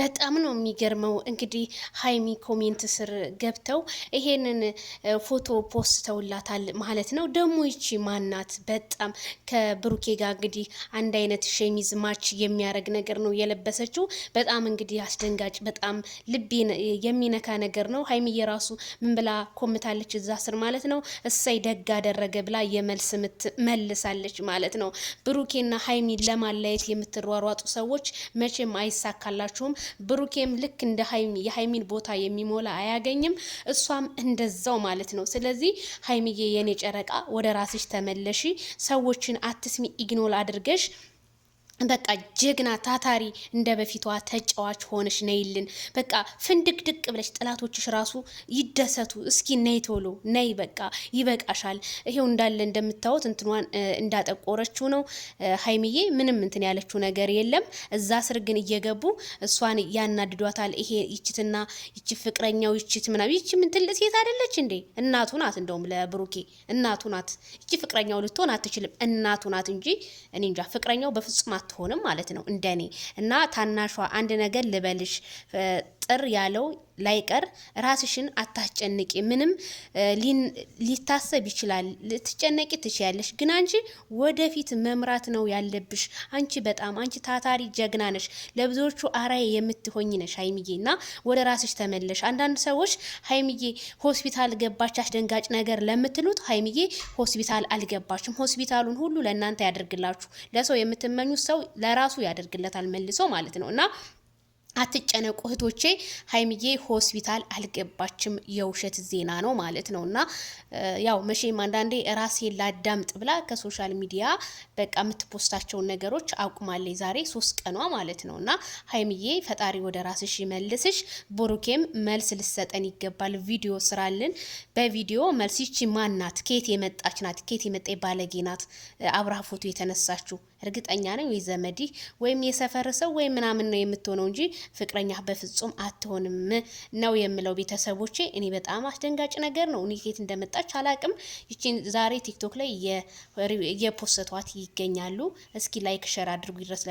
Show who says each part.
Speaker 1: በጣም ነው የሚገርመው። እንግዲህ ሀይሚ ኮሜንት ስር ገብተው ይሄንን ፎቶ ፖስተውላታል ማለት ነው። ደግሞ ይቺ ማናት? በጣም ከብሩኬ ጋር እንግዲህ አንድ አይነት ሸሚዝ ማች የሚያደርግ ነገር ነው የለበሰችው። በጣም እንግዲህ አስደንጋጭ፣ በጣም ልቤ የሚነካ ነገር ነው። ሀይሚ የራሱ ምን ብላ ኮምታለች እዛ ስር ማለት ነው። እሰይ ደግ አደረገ ብላ የመልስ ምት መልሳለች ማለት ነው። ብሩኬና ሀይሚ ለማለየት የምትሯሯጡ ሰዎች መቼም አይሳካላችሁም። ብሩኬም ልክ እንደ ሀይሚ የሀይሚን ቦታ የሚሞላ አያገኝም፣ እሷም እንደዛው ማለት ነው። ስለዚህ ሀይሚዬ የኔ ጨረቃ ወደ ራስሽ ተመለሺ፣ ሰዎችን አትስሚ፣ ኢግኖል አድርገሽ በቃ ጀግና ታታሪ እንደ በፊቷ ተጫዋች ሆነሽ ነይልን። በቃ ፍንድቅ ድቅ ብለሽ ጥላቶችሽ ራሱ ይደሰቱ። እስኪ ነይ ቶሎ ነይ፣ በቃ ይበቃሻል። ይሄው እንዳለ እንደምታዩት እንትኗን እንዳጠቆረችው ነው ሀይሚዬ። ምንም እንትን ያለችው ነገር የለም። እዛ ስር ግን እየገቡ እሷን ያናድዷታል። ይሄ ይችትና ይች ፍቅረኛው ይችት ምናም ይች ምንትል ሴት አይደለች እንዴ? እናቱ ናት። እንደውም ለብሩኬ እናቱ ናት። ይች ፍቅረኛው ልትሆን አትችልም። እናቱ ናት እንጂ እኔ እንጃ ፍቅረኛው በፍጹም አትሆንም ማለት ነው እንደኔ እና ታናሿ አንድ ነገር ልበልሽ ጥር ያለው ላይቀር ራስሽን አታስጨንቂ። ምንም ሊታሰብ ይችላል፣ ልትጨነቂ ትችያለሽ፣ ግን አንቺ ወደፊት መምራት ነው ያለብሽ። አንቺ በጣም አንቺ ታታሪ ጀግና ነሽ፣ ለብዙዎቹ አራይ የምትሆኝ ነሽ ሀይሚዬ እና ወደ ራስሽ ተመለሽ። አንዳንድ ሰዎች ሀይሚዬ ሆስፒታል ገባች አስደንጋጭ ነገር ለምትሉት ሀይሚዬ ሆስፒታል አልገባችም። ሆስፒታሉን ሁሉ ለእናንተ ያደርግላችሁ። ለሰው የምትመኙት ሰው ለራሱ ያደርግለታል መልሶ ማለት ነው እና አትጨነቁ እህቶቼ፣ ሀይምዬ ሆስፒታል አልገባችም። የውሸት ዜና ነው ማለት ነው። እና ያው መቼም አንዳንዴ ራሴ ላዳምጥ ብላ ከሶሻል ሚዲያ በቃ የምትፖስታቸውን ነገሮች አቁማለች። ዛሬ ሶስት ቀኗ ማለት ነው። እና ሀይምዬ ፈጣሪ ወደ ራስሽ ይመልስሽ። ቦሩኬም መልስ ልሰጠን ይገባል። ቪዲዮ ስራልን በቪዲዮ መልስ። ይቺ ማን ናት? የመጣች ናት? ኬት የመጣ ባለጌ ናት? አብርሃ ፎቶ የተነሳችው እርግጠኛ ነኝ ወይ ዘመድህ ወይም የሰፈር ሰው ወይም ምናምን ነው የምትሆነው እንጂ ፍቅረኛ በፍጹም አትሆንም ነው የምለው። ቤተሰቦቼ እኔ በጣም አስደንጋጭ ነገር ነው። እኔ ከየት እንደመጣች አላቅም። ይቺን ዛሬ ቲክቶክ ላይ የፖስተቷት ይገኛሉ። እስኪ ላይክ ሸር አድርጉ ይድረስ